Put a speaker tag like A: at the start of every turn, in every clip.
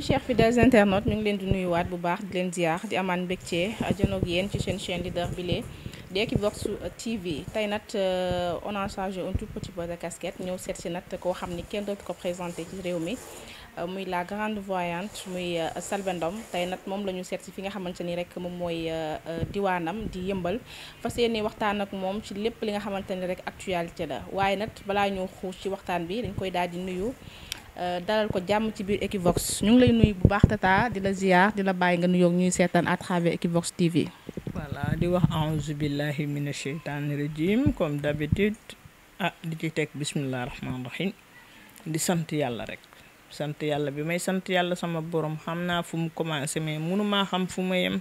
A: muy chers fidèles internautes ñu ngi leen di nuyuwaat bu baax di leen ziar di amaan mbégte euh, janoog yéen ci seen chaîne leader bile di Equivox TV tey nag euh, on a changé un tout petit peu de casquette ñëw seet si nag koo xam ni kenn dootu ko présenté ci réew mi euh, muy la grande voyante muy Selbé Ndom tey nag moom la ñu seet si fi nga xamante ni rek moom mooy diwaanam di yëmbal fas yéene waxtaan ak moom ci lépp li nga xamante ni rek actualité la waaye nag balaa ñoo xuus ci waxtaan bi dañ koy daal di nuyu. Euh, dalal ko jàmm ci biir Equivox ñu ngi lay nuyu bu baax Tata di la ziar di la bàyyi nga nuyoog ñuy seetaan à travers Equivox TV.
B: voilà di wax aouzu billahi mina sheytaani rajim comme d'habitude ah di ci teg bisimilah rahmaani rahim di sant yàlla rek sant yàlla bi may sant yàlla sama borom xam naa fu mu commencé mais mënumaa xam fu ma yem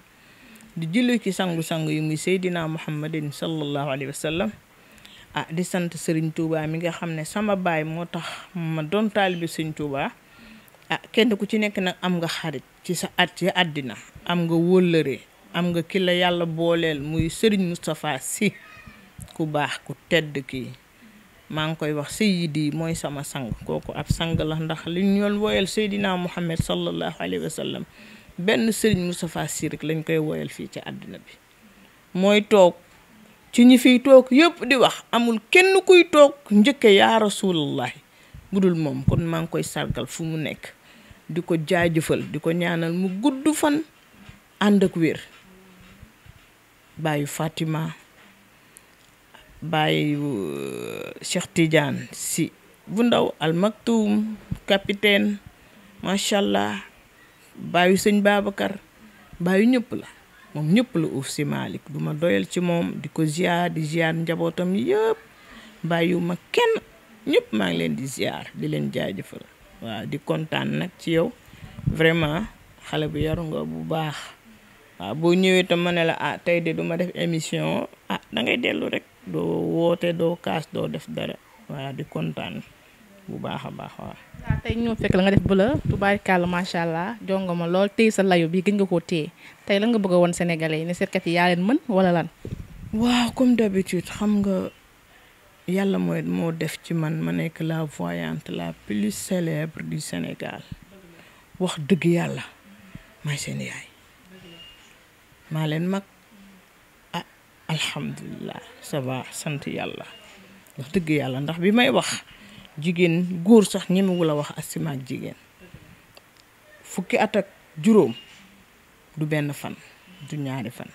B: di julli ci sangu-sangu yi muy Seydina Muhammadin sallallahu alayhi wa sallam ah di sant sëriñ Touba mi nga xam ne sama baay moo tax ma doon taalibe Serigne Touba ah kenn ku ci nekk nag am nga xarit ci sa at àddina am nga wóllëre am nga ki la yàlla booleel muy sëriñ Moustapha Sy ku baax ku tedd kii maa ngi koy wax Seydi mooy sama sang kooku ab sang la ndax li ñu doon woyal Seydina Muhammad sallallahu alayhi wa benn sëriñ Moustapha Sy rek lañ koy woyal fii ci àddina bi mooy toog. ci ñi fiy toog yëpp di wax amul kenn kuy toog njëkke yaa rasulullahi bu dul moom kon maa ngi koy sargal fu mu nekk di ko jaajëfal di ko ñaanal mu gudd fan ànd ak wér bàyyi Fatima bàyyi uh, Cheikh Tidiane si bu ndaw almaktuum capitaine macha allah bàyyi sëñ Babacar bàyyi ñëpp la moom ñëpp la uuf si Malick du ma doyal ci moom di ko ziar di ziar njabootam yëpp bàyyiwuma kenn ñëpp maa ngi leen di ziar di leen jëfal waa di kontaan nag ci yow vraiment xale bu yaru nga bu baax waaw boo ñëwee tam ma ne la ah tey de du ma def émission ah da ngay dellu rek doo woote doo kaas doo def dara waa di kontaan. bu baax a baax waaw. waaw
A: tey ñoo fekk la nga def bu la tubaarikàlla macha allah jongo ma lool téye sa layo bi gën nga koo téye tey la nga bëgg a woon sénégalais yi ne seetkat yi yaa leen mën wala lan. waaw comme d'habitude xam nga
B: yàlla mooy moo def ci man ma nekk la voyante la plus célèbre du Sénégal wax dëgg yàlla may seen yaay maa leen mag ah alhamdulilah ça va sant yàlla dëgg yàlla ndax bi may wax. jigéen góor sax ñemewu la wax asima ak jigéen fukki at ak juróom du benn fan du ñaari fan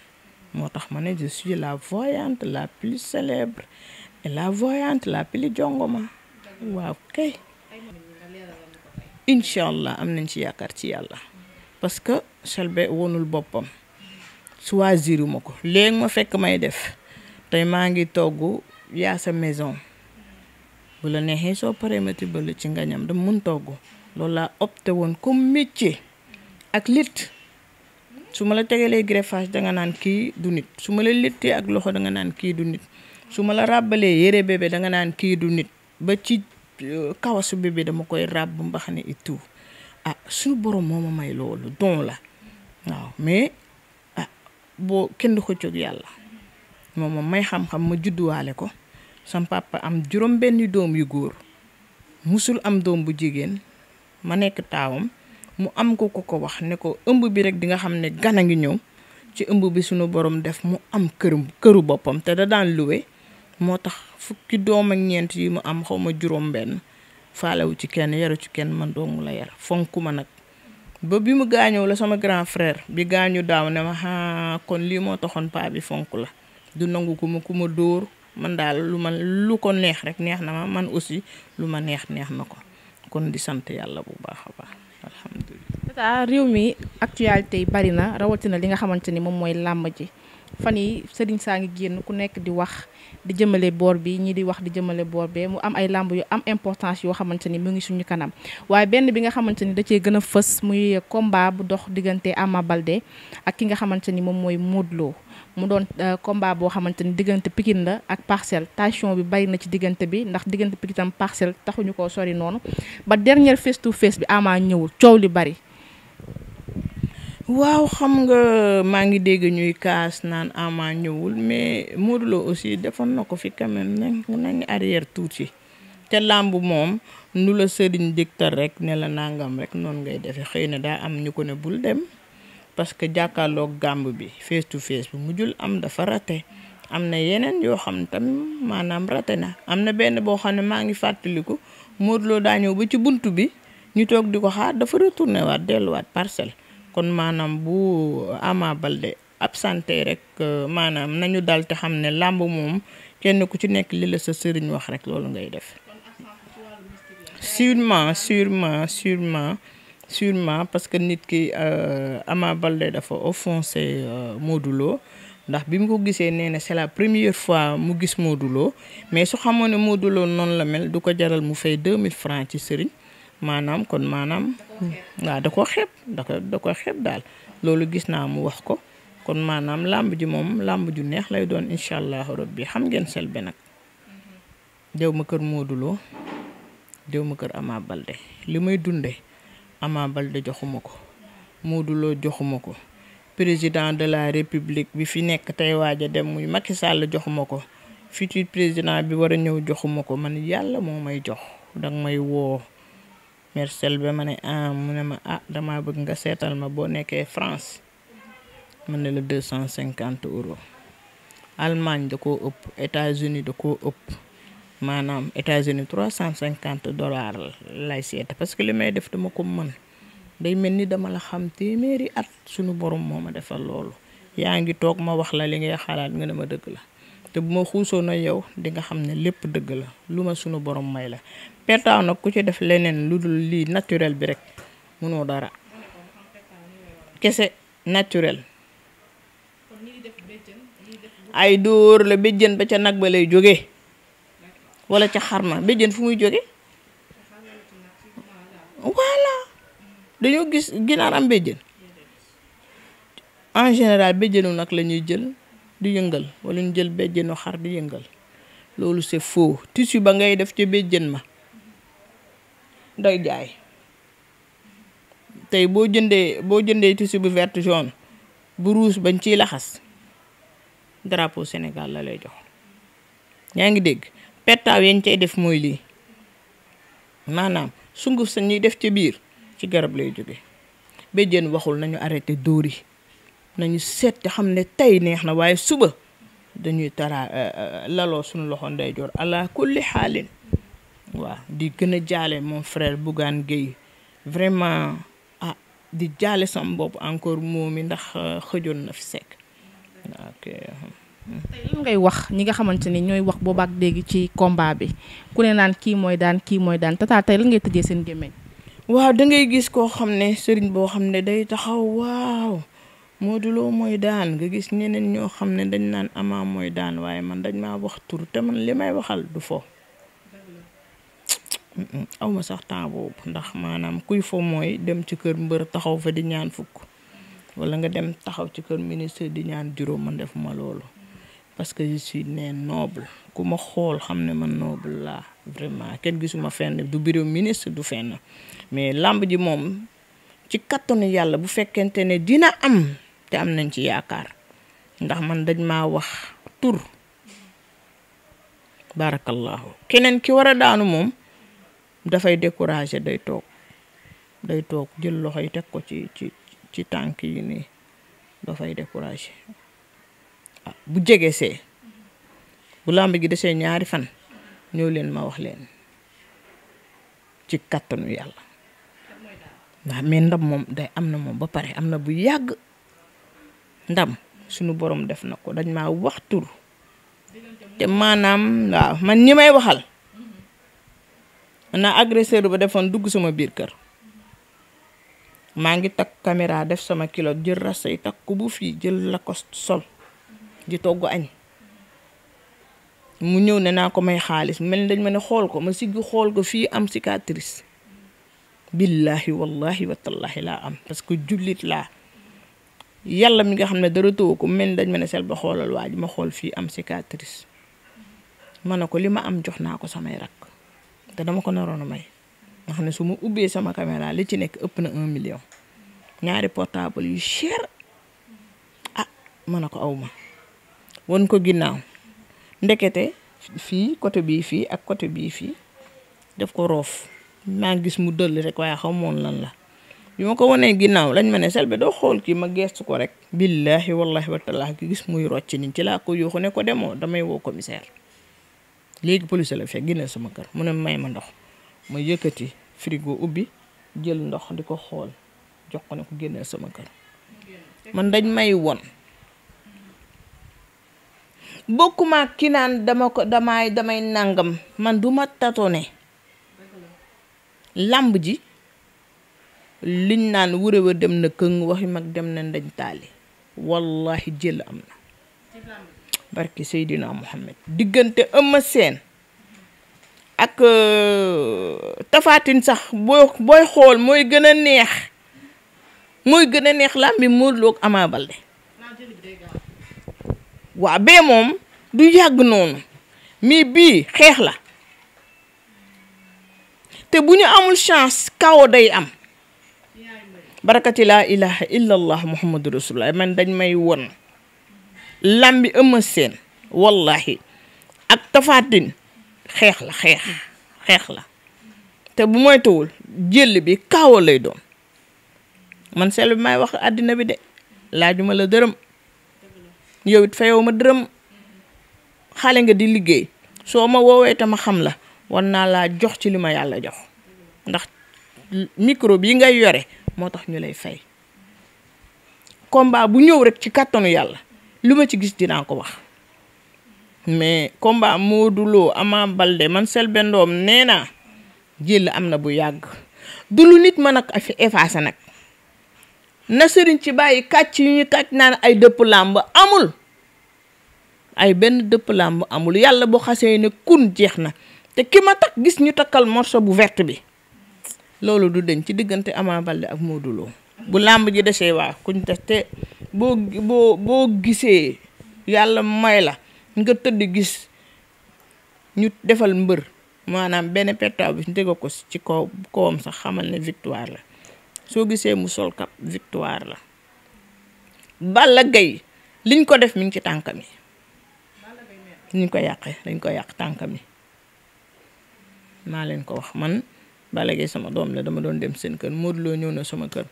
B: moo tax ma ne je la voyante la plus célèbre la voyante la plus jongoma waaw kay incha allah am nañ ci yaakaar ci yàlla parce que Selbé wonul boppam choisiruma ko léegi ma fekk may def tey maa ngi togg yaa sa maison bu la neexee soo paree ma tibbale ci ngañam dama mun togg loolu laa opté woon comme métier ak litt su ma la tegalee greffage danga naan kii du nit su ma la littee ak loxo danga naan kii du nit su ma la ràbbalee yére bébé danga naan kii du nit ba ci euh, kawasu bébé dama koy ràbb mbaxane it tout ah suñu borom moo ma may loolu don la waaw mais ah boo kenn du ko yàlla moo ma may xam-xam ma judduwaale ko sama papa am juróom benni doom yu góor musul am doom bu jigéen ma nekk taawam mu am ko ko ko wax ne ko ëmb bi rek di nga xam ne gan a ngi ñëw ci ëmb bi sunu borom def mu am këru këru boppam te da daan luwe moo tax fukki doom ak ñeent yi mu am xaw ma juróom benn faalewu ci kenn yaru ci kenn man doomu la yar fonk ma nag ba bi mu gaañoo la sama grand frère bi gaañu daaw ne ma kon lii moo taxoon paa bi fonk la du nangu ku ma ku ma dóor man daal lu ma lu ko neex rek neex na ma man aussi lu ma neex neex na ko kon di sant yàlla bu baax a baax alhamdulilah.
A: tata réew mi actualité yi bari na rawatina li nga xamante ni moom mooy làmb ji fan yi sëriñ saa ngi génn ku nekk di wax. di jëmale boor bi ñii di wax di jëmale boor bee mu am ay làmb yu am importance yoo xamante ni mu ngi suñu kanam waaye benn bi nga xamante ni da cee gën a fës muy combat bu dox diggante Ama Baldé ak ki nga xamante ni moom mooy Modou mu doon euh, combat boo xamante ni diggante Pikine la ak parcelle tension bi bari na ci diggante bi ndax diggante Pikine tam Parcelles taxuñu ko sori noonu ba dernière face to face bi Ama ñëwul coow li bari
B: waaw xam nga maa ngi dégg ñuy kaas naan Ama ñëwul mais moodloo aussi defoon na ko fi quand même nañu nañu arrière tuuti te làmb moom nu la sëriñ diktal rek ne la nangam rek noonu ngay defe xëy na daal am ñu ko ne bul dem parce que jàkkaarloog gàmb bi face to face bi mujjul am dafa raté am na yeneen yoo xam tam maanaam raté na am na benn boo xam ne maa ngi fàttaliku Modou Lo daa ñëw ba ci bunt bi ñu toog di ko xaar dafa retourné waat delluwaat parcelle. kon maanaam bu euh, Ama Baldé absenté rek euh, maanaam nañu dal te xam ne làmb moom kenn ku ci nekk li la sa sëriñ wax rek loolu ngay def sûrement sûrement sûrement sûrement parce que nit ki euh, Ama Baldé dafa offensé Modou Lo ndax bi mu ko gisee nee na c'est la première fois mu gis Modou mais su xamoo ne Modou Lo noonu la mel du ko jaral mu fay 2000 francs ci sëriñ maanaam kon maanaam waaw da koo xeeb da ko da daal loolu gis naa mu wax ko kon maanaam làmb ji moom làmb ju neex lay doon incha allahu rabbi xam ngeen Selbé nag dew ma kër Modou Lo ma kër Ama li may dunde Ama joxuma ko Modou joxuma ko président de la république bi fi nekk tey waaja dem muy Macky Sall joxuma ko futur président bi war a ñëw joxuma ko man yàlla moo may jox danga may woo Mercel ba ma ne ah mu ne ma ah dama bëgg nga seetal ma boo nekkee France ma ne la deux cent cinquante euros Allemagne da koo ëpp États-Unis da koo ëpp maanaam États-Unis trois cent cinquante dollars lay seet parce que li may def dama ko mën day mel ni dama la xam téeméeri at suñu borom moo ma defal loolu yaa ngi toog ma wax la li ngay xalaat nga ne ma dëgg la te bu ma xuusoon na yow di nga xam ne lépp dëgg la lu ma sunu borom may la pettaaw nag ku ci def leneen lu dul lii naturel bi rek mënoo dara kese naturel ay dóor la béjjën ba ca nag ba lay jóge wala ca xarma béjjën fu muy jóge voilà dañoo gis ginaar am béjjën en général béjjënu nag la ñuy jël di yëngal walla ñu jël béjjënu xar di yëngal loolu c'est faux tissu ba ngay def ca béjjën ma day jaay tey boo jëndee boo jëndee tissu bu vert jaune bu rouge bañ ciy laxas drapeau Sénégal la jox ñaa ngi dégg pettaaw yañ cay def mooy lii maanaam sunguf sa ñuy def ci biir ci garab lay jóge béjjéen waxul nañu arrêté dóor yi nañu seet te xam ne tey neex na waaye suba dañuy tara euh, euh, laloo suñu loxo ndeyjoor ala kulli xaalin waaw di gën a jaale mon frère Bougane Gueye vraiment ah di jaale sam bopp encore moom mi ndax euh, xëjoon na fi sekk uh-huh.
A: tey lan ngay wax ñi nga xamante ni ñooy wax boobaak léegi ci combat bi ku ne naan kii mooy daan kii mooy daan tata tey ngay tëjee seen gémmiñ waaw da
B: ngay gis koo xam ne sëriñ boo xam ne day taxaw waaw moo Lo mooy daan nga gis ñeneen ñoo xam ne dañ naan Ama mooy daan waaye man dañ maa wax tur te man li may waxal du fo aw ma sax temps boobu ndax maanaam kuy foo mooy dem ci kër mbër taxaw fa di ñaan fukk wala nga dem taxaw ci kër ministre di ñaan juróom man def loolu parce que je suis né noble ku ma xool xam ne man noble laa vraiment kenn gisuma fenn du bureau ministre du fenn mais làmb ji moom ci kattanu yàlla bu fekkente ne dina am te am nañ ci yaakaar ndax man dañ maa wax tur barakallahu keneen ki war daanu moom dafay décourager day toog day toog jël loxo yi teg ko ci ci ci tànk yi nii dafay décourager ah bu jegesee bu làmb gi desee ñaari fan ñëw leen ma wax leen ci kàttanu yàlla ndax mais ndam moom day am na moom ba pare am na bu yàgg ndam sunu borom def na ko dañ maa wax tur te maanaam waaw man ñi may waxal na agresseur ba defoon dugg sama biir kër maa ngi takk caméra def sama kilo jël rasta yi takk bu fii jël la lacoste sol di togg añ mu ñëw ne naa ko may xaalis mel dañ ma ne xool ko ma siggi xool ko fii am cicatrice billahi wallahi watallahi laa am parce que jullit laa yàlla mi nga xam ne dara tëw ko mel dañ ma ne sel ba xoolal waa ji ma xool fii am si cicatrice ma ne ko li ma am jox naa ko samay rakk te dama ko naroon a may nga xam ne su ma ubbee sama caméra li ci nekk ëpp na un million ñaari portable yu cher ah ma ne ko aw ma wan ko ginnaaw ndekete fii côté bii fii ak côté bii fii def ko roof maa gis mu dëll rek waaye xaw moon lan la bi ma ko wanee ginnaaw lañ ma ne Selbé doo xool kii ma geestu ko rek billaahi wallahi wa taalaa ki gis muy rocc ni ci laa ko yuuxu ne ko demoo damay woo commissaire léegi police la fekk génneel sama kër mu ne may ma ndox ma yëkkati frigo ubbi jël ndox di ko xool jox ko ne ko génneel sama kër man dañ may won bokkuma ki naan dama ko damay damay nàngam man du ma tatone làmb ji liñ naan wërëwa dem na këng waxi mag dem na dañ taali wallahi jël am na barki Seydina Mohamed diggante Eumeu Sène ak euh, tafaatin sax boo booy xool mooy gën a neex mooy gën a neex làmbi Modou Lo ak Ama Baldé waaw bee moom du yàgg noonu mais bii xeex la te bu ñu amul chance kawo day am barakati laa ilaha illa allah muhammadu rasulullah man dañ may won làmbi Eumeu seen wallahi ak tafaatin xeex la xeex xeex la te bu moytuwul jël bi kaawoo lay doon man sel bi may wax àddina bi de laajuma la dërëm yow it fayow ma dërëm xale nga di liggéey soo ma woowee te ma xam la war naa laa jox ci li ma yàlla jox ndax micro bi ngay yore moo tax ñu lay fay komba bu ñëw rek ci kàttanu yàlla lu ma ci gis dinaa ko wax mais combat Modou Lo Ama man Selbé Ndom nee naa jël am na bu yàgg du lu nit mën a fi effacé nag na sëriñ ci bàyyi kàcc yu ñu kàcc naan ay dëpp làmb amul ay benn dëpp làmb amul yàlla boo xasee ne kun jeex na te ki ma takk gis ñu takkal morso bu verte bi loolu du deñ ci diggante Ama Baldé ak Modou bu làmb ji desee waa kuñ des te boo boo boo gisee yàlla may la nga tëdd gis ñu defal mbër maanaam benn pettaaw bi ñu teg ko ci kaw kawam sax xamal ne victoire la soo gisee mu sol cap victoire la Balla Gaye liñ ko def mi ngi ci tànkam yi liñ ko yàqee dañ ko yàq tànkam yi maa leen ko wax man Balla Gaye sama doom la dama doon dem seen kër Modou Lo ñëw na sama kër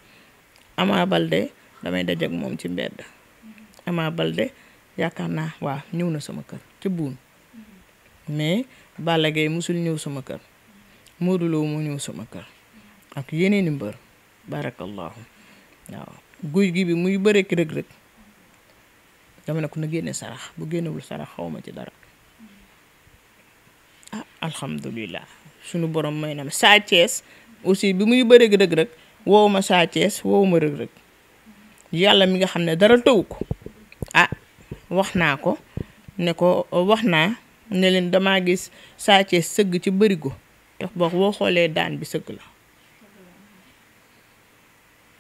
B: Ama Baldé damay dajeek moom ci mbedd Ama Balde yaakaar naa waaw ñëw na sama kër ci buun mais Balla Gaye musul ñëw sama kër Modou Lo mu ñëw sama kër ak yeneeni mbër barakallahu waaw guy gi bi muy bëreek rëg-rëg dama ne ko na génne sarax bu génnewul sarax ma ci dara ah alhamdulilah sunu borom may na ma aussi bi muy bëreek rëg-rëg woowu ma Sa Thiès ma rëg-rëg yàlla mi nga xam ne dara tëw ko ah wax naa ko ne ko wax naa ne leen damaa gis Sa sëgg ci bërigo te boo xoolee daan bi sëgg la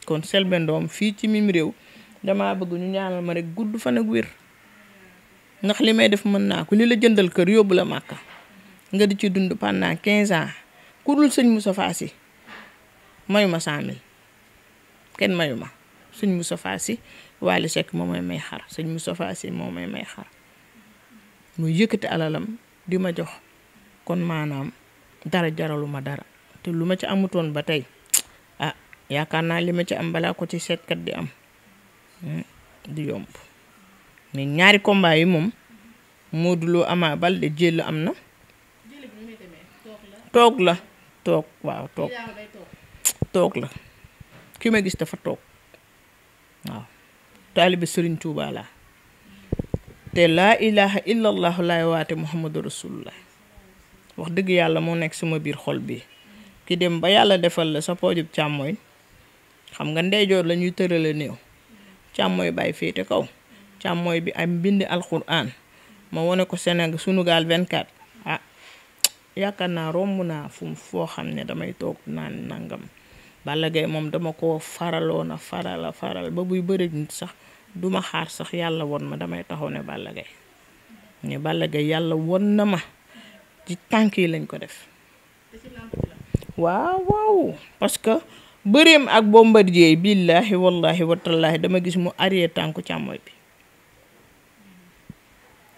B: kon Selbé Ndom fii ci mim réew damaa bëgg ñu ñaanal ma rek gudd fan ak wér ndax li may def mën naa ko li la jëndal kër yóbbu la màkka nga di ci dund pendant 15 ans ku dul sëñ Moussa Fassi mayu ma 100000 kenn mayu ma. sëñ Moustapha Sy Wally Seck moom mooy may xar sëñ Moustapha Sy moo mooy may xar mu yëkkati alalam di ma jox kon maanaam dara jaralu ma dara te lu ma ci amutoon ba tey ah yaakaar naa li ma ci am balaa ko ci seetkat di am hmm, di yomb mais ñaari combat yi moom Modou Lo Ama Baldé jël am na toog la toog waaw toog toog la ki ma gis dafa toog waaw taalibe sëriñ Tuuba laa te laa ilaha illallah laay waate muhammadu rasulullah wax dëgg yàlla moo nekk sama biir xol bi ki dem ba yàlla defal la sa poojub càmmooy xam nga ndeyjoor lañuy ñuy néew càmmooy bàyyi féete kaw càmmooy bi am mbind alquran ma wone ko Sénégal sunu 24 ah yaakaar naa romb naa fu foo xam ne damay toog naan nangam Balla moom dama ko faraloon a faral a ba buy bëri nit sax duma xaar sax yàlla won ma damay taxaw ne Balla Gaye ne Balla yàlla won na ma ci tànk yi lañ ko def waaw waaw parce que bëreem ak Bombardier billaahi wallaahi watallaahi dama gis mu arrière tànku càmmooy bi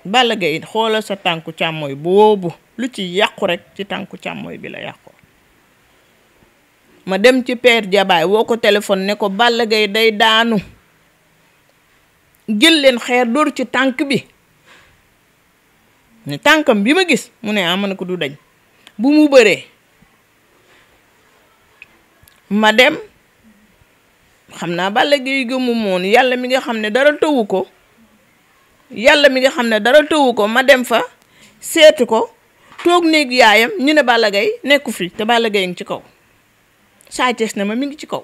B: Balla Gaye xoolal sa tànku càmmooy boobu lu ci yàqu rek ci tànk càmmooy bi la yàqu ma dem ci père jabaay woo ko téléphone ne ko Balla Gaye day daanu jël leen xeer dóor ci tànk bi ne tànkam bi ma gis mu ne ah ne ko du dañ bu mu baree ma dem xam naa Balla Gaye gëmu moon yàlla mi nga xam ne dara tëwu ko yàlla mi nga xam ne dara tëwu ko ma dem fa seetu ko toog néeg yaayam ñu ne Balla Gaye nekku fi te Balla Gaye ngi ci kaw saatees na ma mi ngi ci kaw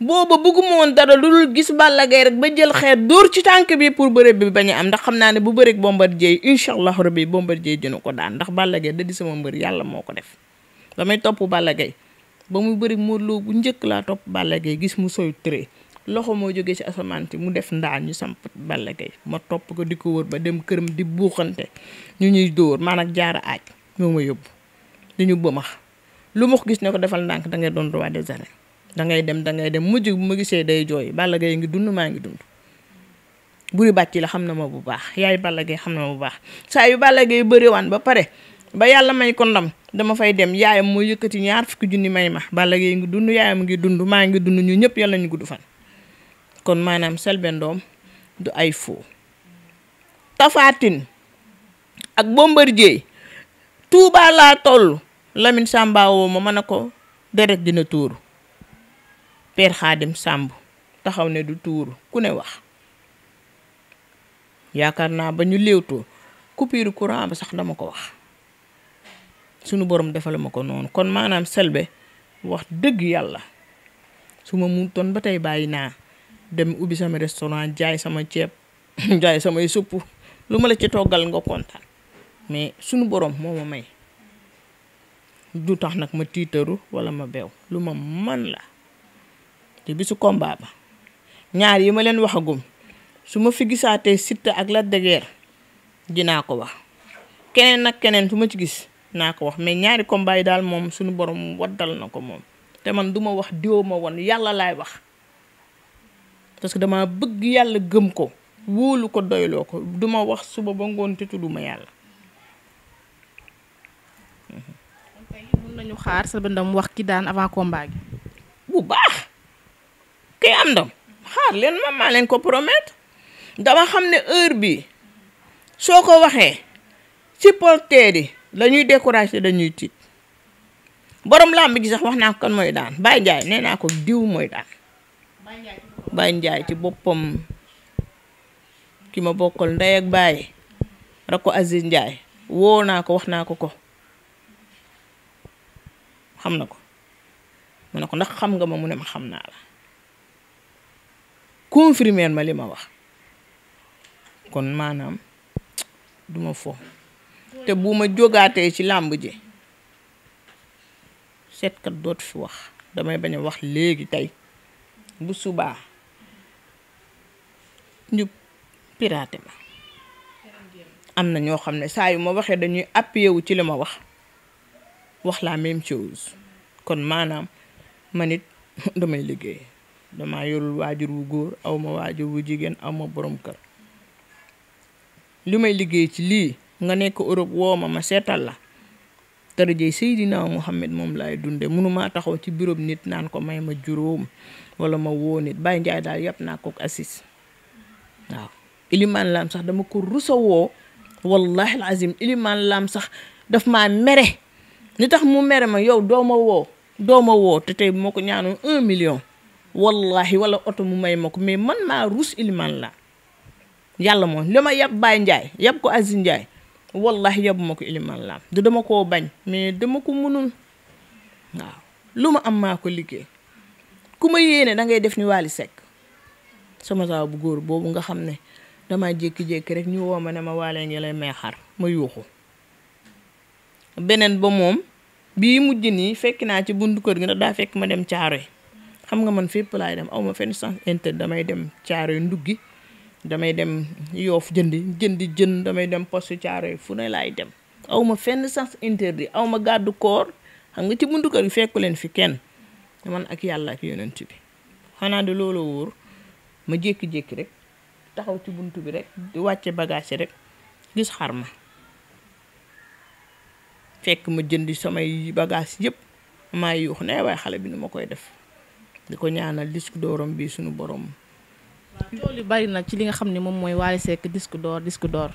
B: booba bëgguma woon dara lu dul gis Balla Gaye rek ba jël xeer dóor ci tànk bi pour bëre bi bañ a am ndax xam naa ne bu bëreeg Bombardier incha allah rabbi Bombardier dina ko daan ndax Balla Gaye da di sama mbër yàlla moo ko def damay topp Balla Gaye ba muy bëreeg Modou Lo njëkk laa topp Balla Gaye gis mu sooy tëree loxo moo jóge ci asamaan si mu def ndaa ñu samp Balla ma topp ko di ko wër ba dem këram di buuxante ñu ñuy dóor maanaam jaara aaj ñoo ma yóbbu di ñu lu ma gis ne ko defal ndànk da ngay doon roi des arènes da ngay dem da ngay dem mujj bu ma gisee day jooy Balla Gaye ngi dund maa ngi dund buri bàcc la xam na ma bu baax yaay Balla Gaye xam na ma bu baax saa yu Balla Gaye bëriwaan ba pare ba yàlla may ko ndam dama fay dem yaayam mooy yëkkati ñaar fukki junni may ma Balla Gaye ngi dund yaayam ngi dund maa ngi dund ñu ñëpp yàlla ñu gudd fan kon maanaam Selbé Ndom du ay foo Tapha Tine ak Bombardier Tuubaa Lamine Samba ma ma ne ko deret dina tuuru Père Khadim Samb taxaw ne du tuuru ku ne wax yaakaar naa ba ñu léewtoo coupure courant ba sax dama ko wax sunu boroom defal ma ko noonu kon maanaam selbe wax dëgg yàlla su ma mun toon ba tey bàyyi naa dem ubbi sama restaurant jaay sama ceeb jaay samay supp lu ma la ci toggal nga kontaan mais sunu borom moo ma may du tax nag ma tiitaru wala ma beew lu ma man la te bisu combat ba ñaar yi ma leen waxagum su ma fi gisaatee Siteu ak Lac de dinaa ko wax keneen nag keneen su ma ci gis naa ko wax mais ñaari combat yi daal moom suñu borom waddal na ko moom te man duma wax diwoo ma woon yàlla laay wax parce que dama bëgg yàlla gëm ko wóolu ko doyloo ko duma wax suba ba ngoon te tudduma yàlla
A: nañu xaar sa ndam wax ki daan avant combat gi.
B: bu baax kii am ndam xaar leen ma maa leen ko promettre dama xam ne heure bi soo ko waxee supporters yi la ñuy découragé dañuy tiit boroom làmb gi sax wax naa ko kan mooy daan Baye Ndiaye nee naa ko diw mooy daan Baye Ndiaye ci boppam ki ma bokkal ndey ak Baye rek ko Aziz Ndiaye woo naa ko wax naa ko ko xam na ko mu ne ko ndax xam nga ma mu ne ma xam naa la confirmer ma li ma wax kon maanaam duma fo te bu ma jógaatee ci làmb ji seetkat dootu fi wax damay bañ a wax léegi tey bu subaa ñu piraté ma am na ñoo xam ne saa yu ma waxee dañuy appuyé wu ci li ma wax wax laa même chose kon maanaam ma it damay liggéey dama yorul waajur wu góor aw ma waajur wu jigéen aw ma borom kër li may liggéey ci lii nga nekk Europe woo ma ma seetal la darajey Seydina Muhammad moom laay dunde mënuma taxaw ci bureau nit naan ko may ma juróom wala ma woo nit Baye Ndiaye daal yàpp naa kook assis waaw ilimaan laam sax dama ko rusa woo wallahi al azim sax daf maa mere li tax mu mere ma yow dooma woo dooma ma woo te tey moo ko ñaanoon un million wallahi wala oto mu may ma ko mais man maa ruus ilimaan la yàlla moom li ma yab Baye Ndiaye yab ko Aziz Ndiaye wallahi yabu ma ko ilimaan laa du dama koo bañ mais dama ko mënul waaw lu ma am maa ko liggéey ku ma yéene da ngay def ni Wally sekk sama saaw bu góor boobu nga xam ne dama jékki-jékki rek ñu woo ma ne ma waalee ngi lay may xar ma yuuxu beneen ba moom bii mujj nii fekk naa ci buntu kër gi ndax daa fekk ma dem Caaroy xam nga man fépp laay dem aw ma fenn sans intérêt damay dem Caaroy nduggi damay dem yoof jëndi jëndi jën damay dem poste Caaroy fu ne laay dem aw ma fenn sans intérêt aw ma gàddu koor xam nga ci buntu kër gi fekku leen fi kenn man ak yàlla ak yonent bi xanaa di looloo wóor ma jékki-jékki rek taxaw ci bunt bi rek di wàcce bagage rek gis xar ma fekk ma jënd samay bagage yëpp maa yuux ne waaye xale bi nu ma koy def di ko ñaanal disque dooram bii suñu borom. tool yu bari na ci li nga xam ni moom mooy Wally Seck disque d'or disque d'or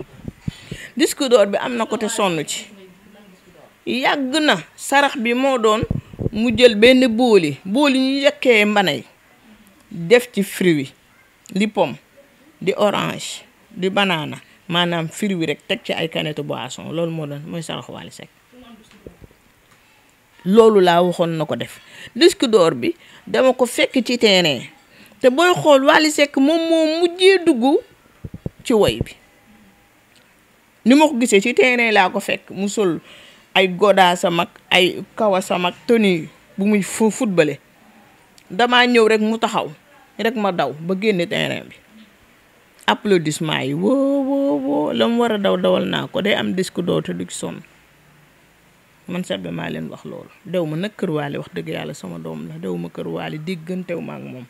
B: disque d'or bi am na ko te sonn ci yàgg na sarax bi moo doon mu jël benn booli booli ñu yëkkee mbanay def ci fruit di pomme di orange di banana maanaam wi rek teg ci ay canette boisson loolu moo doon mooy sarax Wally Seck loolu laa waxoon na ko def disque d'or bi dama ko fekk ci terrain te booy xool Wally sekk moom moo mujjee dugg ci woy bi ni ma ko gisee ci terrain laa ko fekk mu sol ay goda sama ay kawa sama tenue bu muy fu futbale damaa ñëw rek mu taxaw rek ma daw ba génne terrain bi applaudissement yi woo la mu war a daw dawal naa ko day am disque d'or te du sonn man Selbé maa leen wax loolu dew ma nag kër waali wax dëgg yàlla sama doom la dew ma kër waali déggantew ma ak moom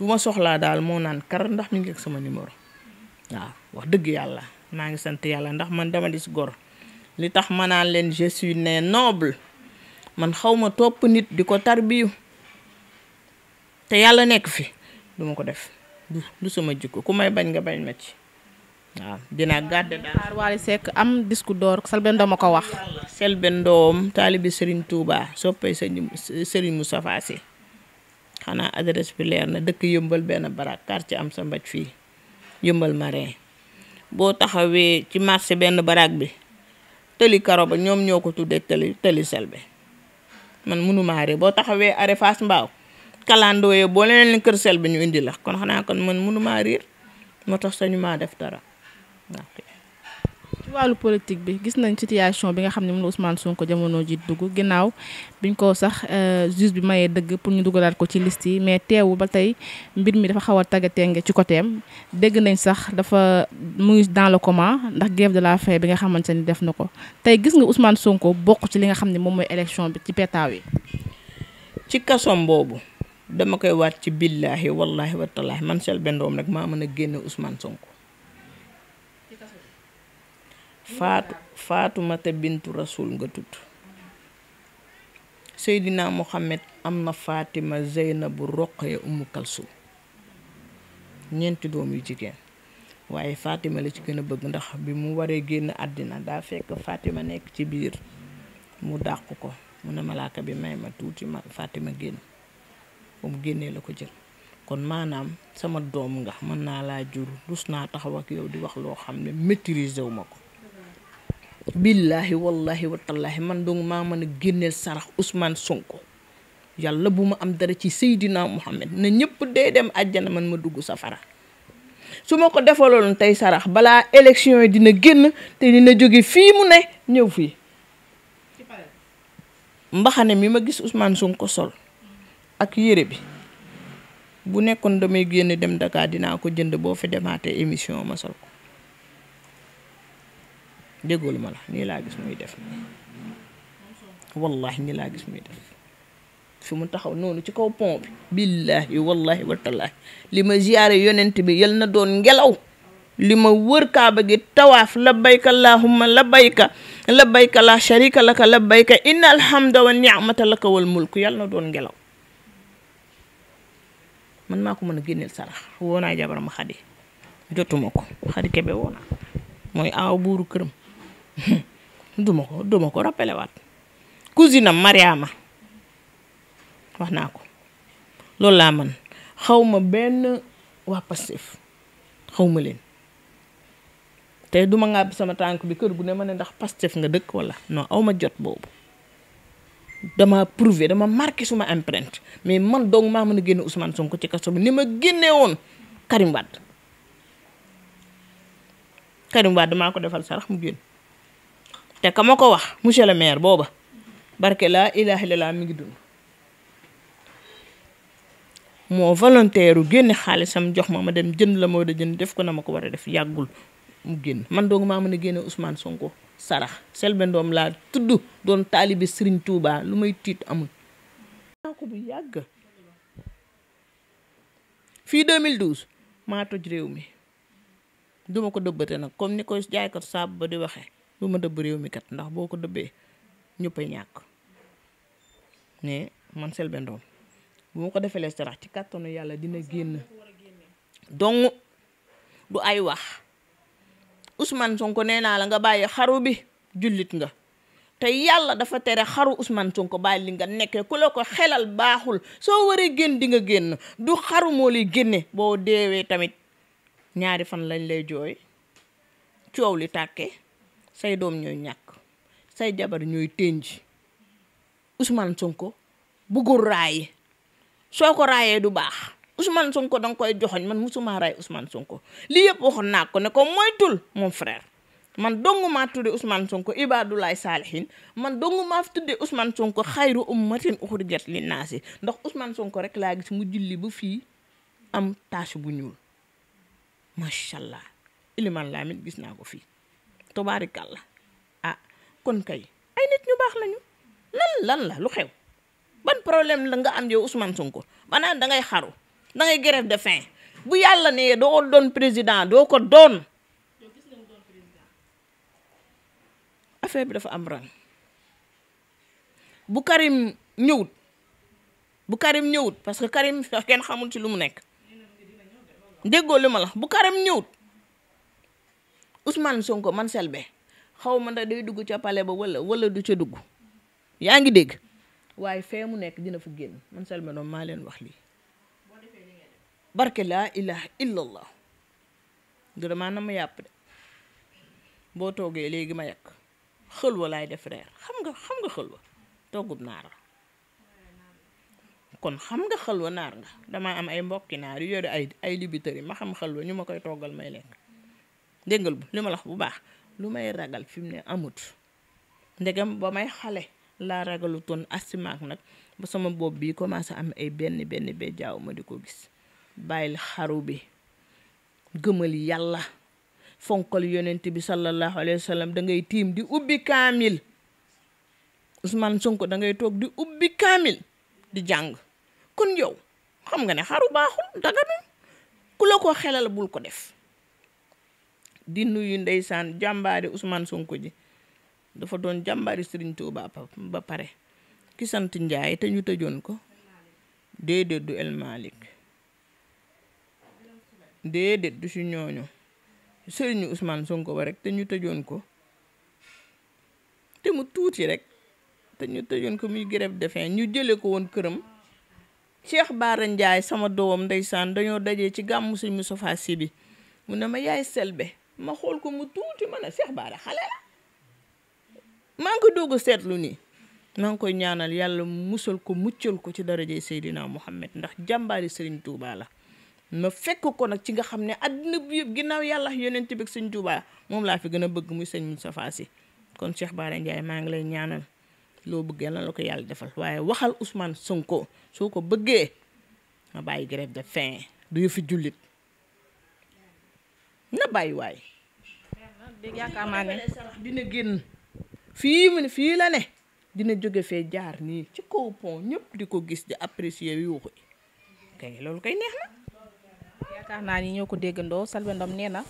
B: bu ma soxlaa daal moo naan kar ndax mi ngi ak sama numéro waaw wax dëgg yàlla maa ngi sant yàlla ndax man dama dis gor li tax ma naan leen je suis né noble man xaw ma topp nit di ko tarbiyu te yàlla nekk fi duma ko def du sama jikko ku may bañ nga bañ ma ci waaw dina gàdde daal Wally Seck am disque door Selbé Ndom a ko wax Selbé Ndom taalibi Serigne Touba soppee Serigne Moustapha Sy xanaa adresse bi leer na dëkk yëmbal benn baraak quartier am sa mbaj fii yëmbal marin boo taxawee ci marché benn baraak bi tëli karo ba ñoom ñoo ko tuddee tëli tëli Selbé man mënumaa ree boo taxawee are Fass Mbao kalandoo boo leneen kër Selbé ñu indi la kon xanaa kon man mënumaa riir moo tax sañu maa def dara ci
A: wàllu politique bi gis nañ situation bi nga xam ne moom la Ousmane Sonko jamono ji dugg ginnaaw biñ ko sax euh, juge bi mayee dëgg pour ñu dugalaat ko ci list yi mais teewu ba tey mbir mi dafa xaw a taggatenge ci côté am dégg nañ sax dafa mu ngi dans le comment ndax grève de la bi nga xamante ni def na ko tey gis nga Ousmane Sonko bokk ci li nga xam ne moom mooy élection bi ci pétaaw yi.
B: ci kasom boobu dama koy waat ci billaahi wallaahi wa taalaahi man Selbé Ndom nag mën a génne Ousmane Sonko. faatu faatumata bintu rasul nga tudd Seydina Mohamed am na Fatima Zeynabu Roqaya Umu Kalsum ñeenti doom yu jigéen waaye Fatima la ci gën a bëgg ndax bi mu waree génn àddina daa fekk Fatima nekk ci biir mu dàq ko mu ne malaaka bi may ma tuuti ma génn ba génnee la ko jël kon maanaam sama doom nga mën naa laa jur rus naa taxaw ak yow di wax loo xam ne maîtriser wu ma ko billaahi wallahi watallaahi man dong maa mën a génneel sarax Ousmane Sonko yàlla bu ma am dara ci Seydina Muhammad na ñëpp dee dem àjjana man ma dugg safara su ma ko defaloon tey sarax balaa élection yi dina génn te dina jóge fii mu ne ñëw fii mbaxane mi ma gis Ousmane Sonko sol ak yére bi bu nekkoon damay génn dem Dakar dinaa ko jënd boo fi demaatee émission ma sol déggoolu ma la nii laa gis muy def wallahi nii laa gis muy def fi mu taxaw noonu ci kaw pont bi billahi wallahi watallaahi li ma yonent bi yal na doon ngelaw lima wër kaaba gi tawaaf labbayka allahumma labbayka labbayka la sharika laka labbayka inna alhamda wa ni'mata laka wal mulk yal na doon ngelaw man maa ko mën a génneel sarax woonaa jabaram xadi jotuma ko xadi kebe woonaa mooy aaw buuru këram duma ko duma ko rappelé waat cousine am Mariama wax naa ko loolu laa man xaw ma benn waa pastif xaw ma leen te duma ngàbb sama tànk bi kër gu ne ma ne ndax Pastef nga dëkk wala noo aw ma jot boobu dama prouvé dama marqué suma empreinte mais man dong maa mën a génne Ousmane Sonko ci kaso bi ni ma génnee woon Karim Wade Karim Wade maa ko defal sarax mu génn te ka ma ko wax monsieur le maire booba barke laa ilaha illallah mi ngi dund moo volontaire u génne xaalisam jox ma ma dem jënd la moo da jënd def ko na ma ko war a def yàggul mu génn man doogu maa mën a génne Ousmane Sonko sarax Selbé Ndom laa tudd doon taalibe Serigne Touba lu may tiit amul naa ko bu yàgg fii 2012 maa toj réew mi duma ko dëbbate nag comme ni koy jaaykat saabu ba di waxee bu ma dëbb réew mi kat ndax boo ko dëbbee ñëppay ñàkk mais man Selbé Ndom bu ma ko defalee sarax ci kàttanu yàlla dina génn donc du ay wax usman Sonko nee naa la nga bàyyi xaru bi jullit nga te yàlla dafa tere xaru Ousmane Sonko bàyyi li nga nekkee ku la ko xelal baaxul soo waree génn di nga génn du xaru moo lay génne boo deewee tamit ñaari fan lañ lay jooy coow li tàkkee say doom ñooy ñàkk say jabar ñooy tënj Ousmane Sonko bëggul raaye soo ko raayee du baax Ousmane sunko danga koy joxoñ man musuma raay Ousmane Sonko lii yëpp waxoon naa ko ne ko moytul mon frère man dong maa tudde Ousmane Sonko ibadulaay saalihin man dong maa tudde Ousmane Sonko xayru ummatin uxrijat li naa si ndox Ousmane Sonko rek laa gis mu julli ba fii am tache bu ñuul macha allah iliman laa mit gis naa ko fii tubaarikàlla a ah, kon kay ay nit ñu baax lañu lan lan la lu xew ban problème la nga am yow Ousmane Sonko maanaam da ngay xaru da ngay de faim bu yàlla ne doo doon président doo ko doon affaire bi dafa am ran bu Karim ñëwut bu Karim ñëwut parce que Karim kenn xamul ci lu mu nekk déggoo li ma la bu Karim ñëwut Ousmane Sonko man Selbé xaw man ndax day dugg ca palais ba wala wala du ca dugg yaa ngi dégg waaye fee mu nekk dina fa génn man Selbé Ndom maa leen wax lii barke laa ilaha illallah du damaa na yàpp de boo toogee léegi ma yàq xëlwa laay def reer xam nga xam nga xëlwa toggub naar la kon xam nga xëlwa naar nga damaa am ay mbokki naar yu yore ay ay yi ma xam xëlwa ñu ma koy toggal may lekk déggal bu li ma la bu baax lu may ragal fi mu ne amut ndegam ba may xale laa ragalu toon astimaak nag ba sama bopp bi commencé am ay benn benn bee ma di ko gis bàyyil xaru bi gëmal yàlla fonkal yonent bi sallallahu alayhi wa sallam da ngay tiim di ubbi kaamil Ousmane Sonko da ngay toog di ubbi kaamil di jàng kon yow xam nga ne xaru baaxul daganul ku la ko xelal bul ko def di nuyu ndeysaan jàmbaari Ousmane Sonko ji dafa doon jàmbaari Serigne Touba ba pare ki sant Njaay te ñu tëjoon ko déedéet du El Malick déedéet du si ñooñu Serigne Ousmane Sonko ba rek te ñu tëjoon ko te mu tuuti rekk te ñu tëjoon ko muy grève de ñu jële ko woon këram Cheikh Baara Ndiaye sama doom ndeysaan dañoo dajee ci gàmmu Serigne Moustapha Sy bi mu na ma yaay selbe ma xool ko mu tuuti ma ne Cheikh Bara xale la maa ngi ko doog seetlu nii maa ngi koy ñaanal yàlla musal ko muccal ko ci darajay Seydina Muhammad ndax jàmbaari Serigne Touba la ma fekk ko nag ci nga xam ne àddina bu yëpp ginnaaw yàlla yonent bi ak Serigne Touba moom laa fi gën a bëgg muy Serigne Moustapha Sy kon Cheikh Bara Ndiaye maa ngi lay ñaanal loo bëgg yàlla la ko yàlla defal waaye waxal Ousmane Sonko soo ko bëggee ma bàyyi grève de faim du yëfi jullit na bàyyi waay. yaakaar naa ne dina génn fii mu ne fii la ne dina jóge fee jaar nii ci kaw pont ñëpp di ko gis di apprécier yuuxu kay loolu kay neex na.
A: yaakaar naa ni ñoo ko déggandoo
B: Selbé Ndom nee na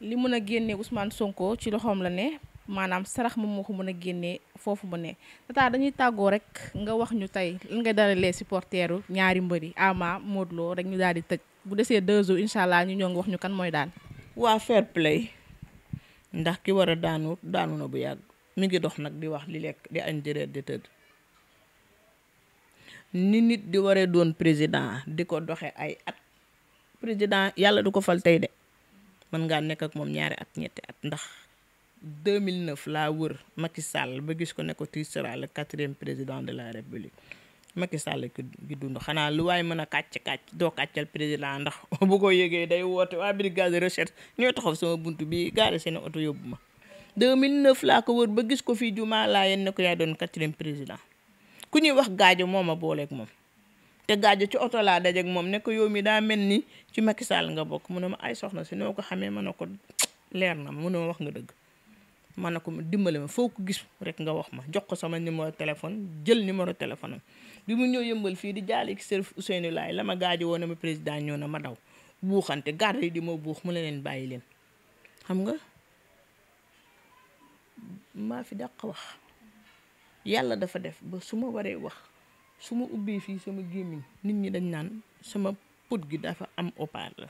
A: li mën a génne Ousmane Sonko ci loxoom la ne maanaam sarax mu mu ko mën a génne foofu mu ne Tata dañuy tàggoo rek nga wax ñu tey lan nga lee supporteru ñaari mbëri Ama Modou Lo rek ñu daal di tëj bu desee deux jours incha allah ñu ñoo ngi wax ñu kan mooy daal.
B: waa fair play ndax ki war a daanu daanu na bu yàgg mi ngi dox nag di wax li lekk di añ di reer di tëdd ni nit di waree doon président di ko doxe ay at président yàlla du ko fal tey de man ngaa nekk ak moom ñaari at ñetti at ndax mille 2009 laa wër Macky Sall ba gis ko ne ko tu seras le quatrième président de la république Macky Sall ki dund xanaa lu waaye mën a kàcc kàcc doo kàccal président ndax bu ko yëgee day woote waa brigade de recherche ñoo taxaw sama buntu bi gaare seen oto yóbbu ma 2009 laa ko wër ba gis ko fii juma laa yéen ne ko yaa doon quatrième président ku ñuy wax gaajo moom ma booleeg moom te gaajo ci oto laa dajeeg moom ne ko yow mi daa mel ni ci Macky Sall nga bokk mu ne ma ay soxna si noo ko xamee ma a ko leer na mu ne ma wax nga dëgg mën ne ko dimbali ma foo ko gis rek nga wax ma jox ko sama numéro téléphone jël numéro téléphone am bi mu ñëw yëmbal fii di jaale ci Serif Ousseynou Laay la ma gaajo woon na ma président ñoo na ma daw buuxante garde yi di ma buux mu la leen bàyyi leen xam nga maa fi dàq wax yàlla dafa def ba su ma waree wax su ma ubbee fii sama gémmiñ nit ñi dañ naan sama pot gi dafa am opaar la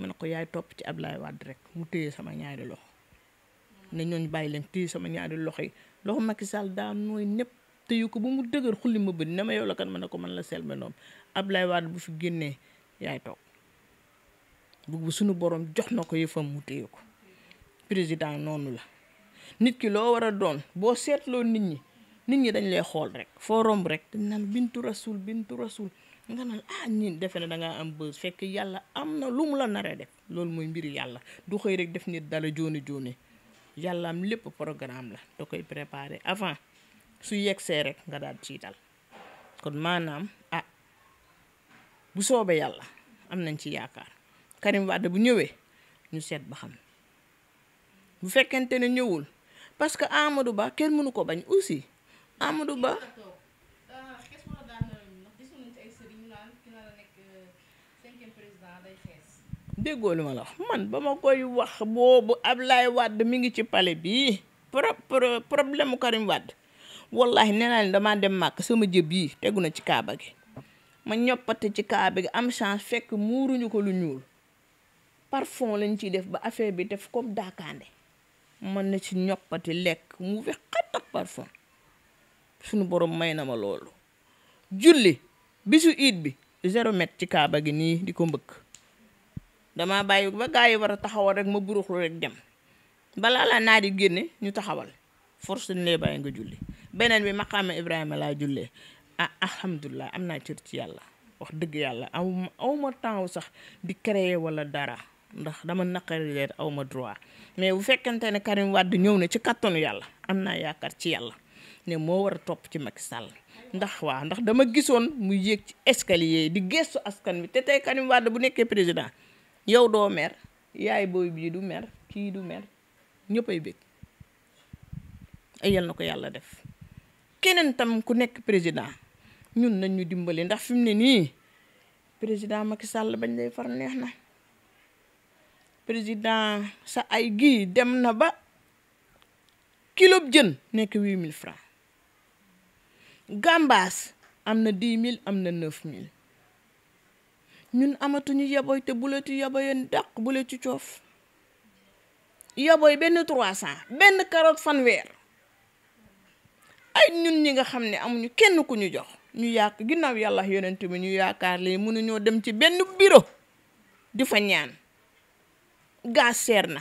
B: ma ne ko yaay topp ci ab Ablaye Wade rek mu téye sama ñaari loxo ne ñooñ bàyyi leen téye sama ñaari loxo yi loxo Macky daa nooy népp tëyu ko ba mu dëgër xulli ma bëri ne ma yow la kan ma ne ko man la Selbé Ndom Ablaye Wade bu fi génnee yaay toog bu suñu borom jox na ko yëfam mu téye ko président noonu la nit ki loo war a doon boo seetloo nit ñi nit ñi dañ lay xool rek foo romb rek dañ naan bintu rasul bintu rasul nga naan ah ñi defe ne da ngaa am bës fekk yàlla am na lu mu la naree def loolu mooy mbiri yàlla du xëy rek def nit dala jooni jooni yàlla am lépp programme la su yegsee rek nga daal ciital kon maanaam ah bu soobee yàlla am nañ ci yaakaar Karim wàdd bu ñëwee ñu seet ba xam bu fekkente ne ñëwul parce que Amadou Ba kenn mënu ko bañ aussi Amadou Ba déggoo li ma la wax man ba ma koy wax boobu Ablaye Wade mi ngi ci pale bi pro problème Karim Wade wallahi nee naa ne damaa dem màkk sama jëb yi tegu na ci kaaba gi ma ñoppate ci kaaba gi am chance fekk muuruñu ko lu ñuul parfum lañ ciy def ba affaire bi def comme daakaande man na ci ñoppati lekk mu fi xat ak parfum suñu borom may na ma loolu julli bisu iid bi zéro mètre ci kaaba gi nii di ko mbëkk damaa bàyyi ba gaa yi war a taxawal rek ma buruxlu rek dem balaa laa naa di génne ñu taxawal force dañ lay bàyyi nga julli beneen bi maqaama Ibrahima laa jullee ah alhamdulilah am naa cër ci yàlla wax dëgg yàlla awma awma temps sax di créer wala dara ndax dama naqari leer awma droit mais bu fekkente ne Karim Wade ñëw na ci kattanu yàlla am naa yaakaar ci yàlla ne moo war a topp ci mag Sall ndax waa ndax dama gisoon mu yéeg ci escalier di gestu askan wi te tey Karim Wade bu nekkee président yow doo mer yaay booy bii du mer kii du mer ñëppay bég ay yal na ko yàlla def keneen tam ku nekk président ñun nañ ñu dimbali ndax fi mu ne nii président Macky Sall bañ lay far neex na président sa ay gii dem na ba kilo jën nekk huit mille francs gambaas am na dix mille am na neuf mille ñun amatuñu yaboy te bu la ci yaboyoon dàq ci coof yaboy benn trois cent benn carotte fanweer ay ñun ñi nga xam ne amuñu kenn ku ñu jox ñu yàq ginnaaw yàlla yonent bi ñu yaakaar lii mënuñoo dem ci benn bureau di fa ñaan gaz seer na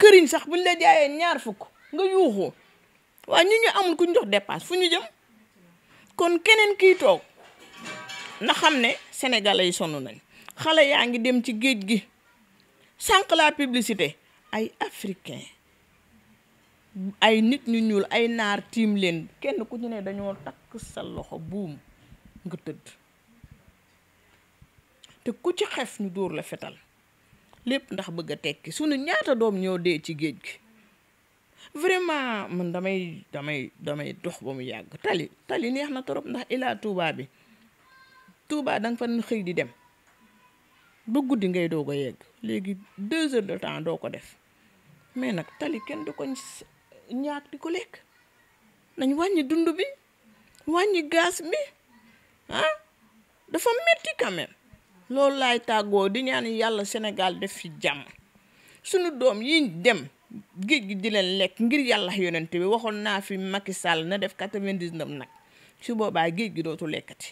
B: këriñ sax buñ la jaayee ñaar fukk nga yuuxoo waaye ñu ñu amul ku ñu jox dépasse fu ñu jëm kon keneen kiy toog na xam ne sénégalais yi sonn nañ xale yaa ngi dem ci géej gi sànq la publicité ay africain ay nit ñu ñuul ay naar tiim leen kenn ku ci ne dañoo takk sa loxo buum nga tëdd te ku ci xef ñu dóor la fetal lépp ndax bëgg a tekki sunu ñaata doom ñoo dee ci géej gi vraiment man damay damay damay dox ba mu yàgg tali tali neex na torop ndax ilaa Touba bi Touba da nga fa xëy di dem ba guddi ngay doog a yegg léegi deux heures de temps doo ko def mais nag tali kenn du ko ñaag di ko lekk nañ wàññi dund bi wàññi gaz bi ah, dafa metti quand même loolu laay tàggoo di ñaan yàlla Sénégal def fi jàmm sunu doom yi dem géej gi di leen lekk ngir yàlla yonent bi waxoon naa fi Macky Sall na def quatre vingt dix nag su boobaa géej gi dootu lekkati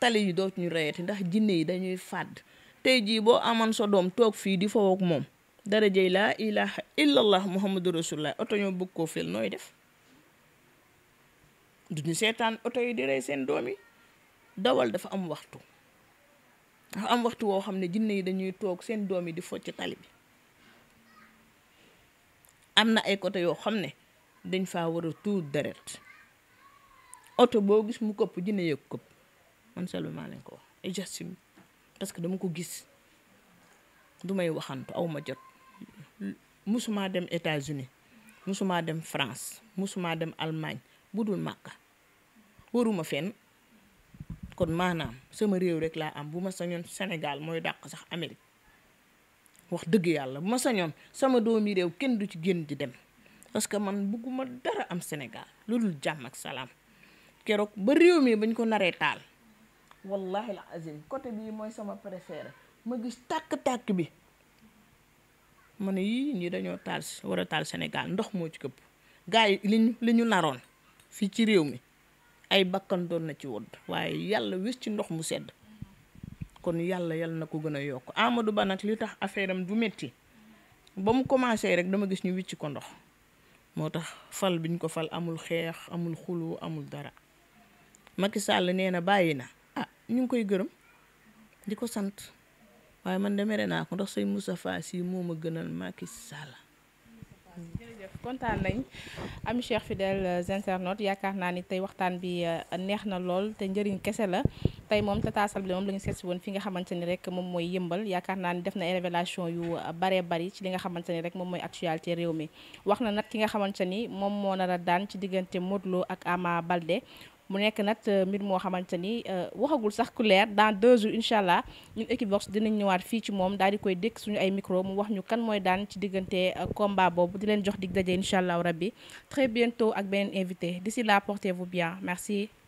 B: tali yi dootuñu reyati ndax jinne yi dañuy fàdd tey jii boo amoon sa doom toog fii di foofu moom darajey laa ilaha illallah muhammadu rasulullah oto ñoo bëgg koo fil nooy def duñu seetaan oto yi di rey seen doom yi dawal dafa am waxtu dafa am waxtu woo xam ne jinne yi dañuy toog seen doom yi di focc ci tali bi am na ay côté yoo xam ne dañ faa war a tuur deret oto boo gis mu këpp jinne yëg këpp man Selbé maa ko wax ay parce que dama ko gis du may waxantu awma jot musumaa dem États-Unis musumaa dem France musumaa dem Allemagne bu dul Màkka waruma fenn kon maanaam sama réew rek laa am bu ma sañoon Sénégal mooy dàq sax Amérique wax dëgg yàlla bu ma sañoon sama doomi réew kenn du ci génn di dem parce que man bugguma dara am Sénégal lu dul jàmm ak salaam keroog ba réew mi bañ ko naree taal wallahi la azim côté bii mooy sama préféré ma gis tàkk-tàkk bi ma ne yii ñii dañoo taal war a taal Sénégal ndox moo ci këpp gars li ñu naroon fii ci réew mi ay bakkan doon na ci wodd waaye yàlla wis ci ndox mu sedd kon yàlla yàlla na ko gën a yokk Amadou Ba nag li tax affaire am du métti ba mu commencé rek dama gis ñu wicc ko ndox moo tax fal biñ ko fal amul xeex amul xuloo amul dara Macky Sall nee na bàyyi na ah ñu ngi koy gërëm di ko sant. waaye man de mere naa ko ndax sëñ Moustapha Sy moo ma gënal Macky Sall.
A: kontaan nañ am chers fidèles euh, internautes yaakaar naa ni tey waxtaan bi euh, neex na lool te njëriñ kese la tey moom Tata Selbé moom la ñu seetsi woon fi nga xamante ni rek moom mooy yëmbal yaakaar naa ni def na révélation yu euh, bare bari ci li nga xamante ni rek moom mooy actualité réew mi wax na nag ki nga xamante ni moom moo nar a daan ci diggante Modou ak Ama Baldé mu nekk nag euh, mbir moo xamante ni euh, waxagul sax ku leer dans deux jours incha allah ñun Equivox dinañ ñëwaat fii ci moom daal di koy dégg suñu ay micro mu wax ñu kan mooy daan ci diggante euh, combat boobu di leen jox dig daje incha allah rabbi très bientôt ak beneen invité d'ici là portez-vous bien merci.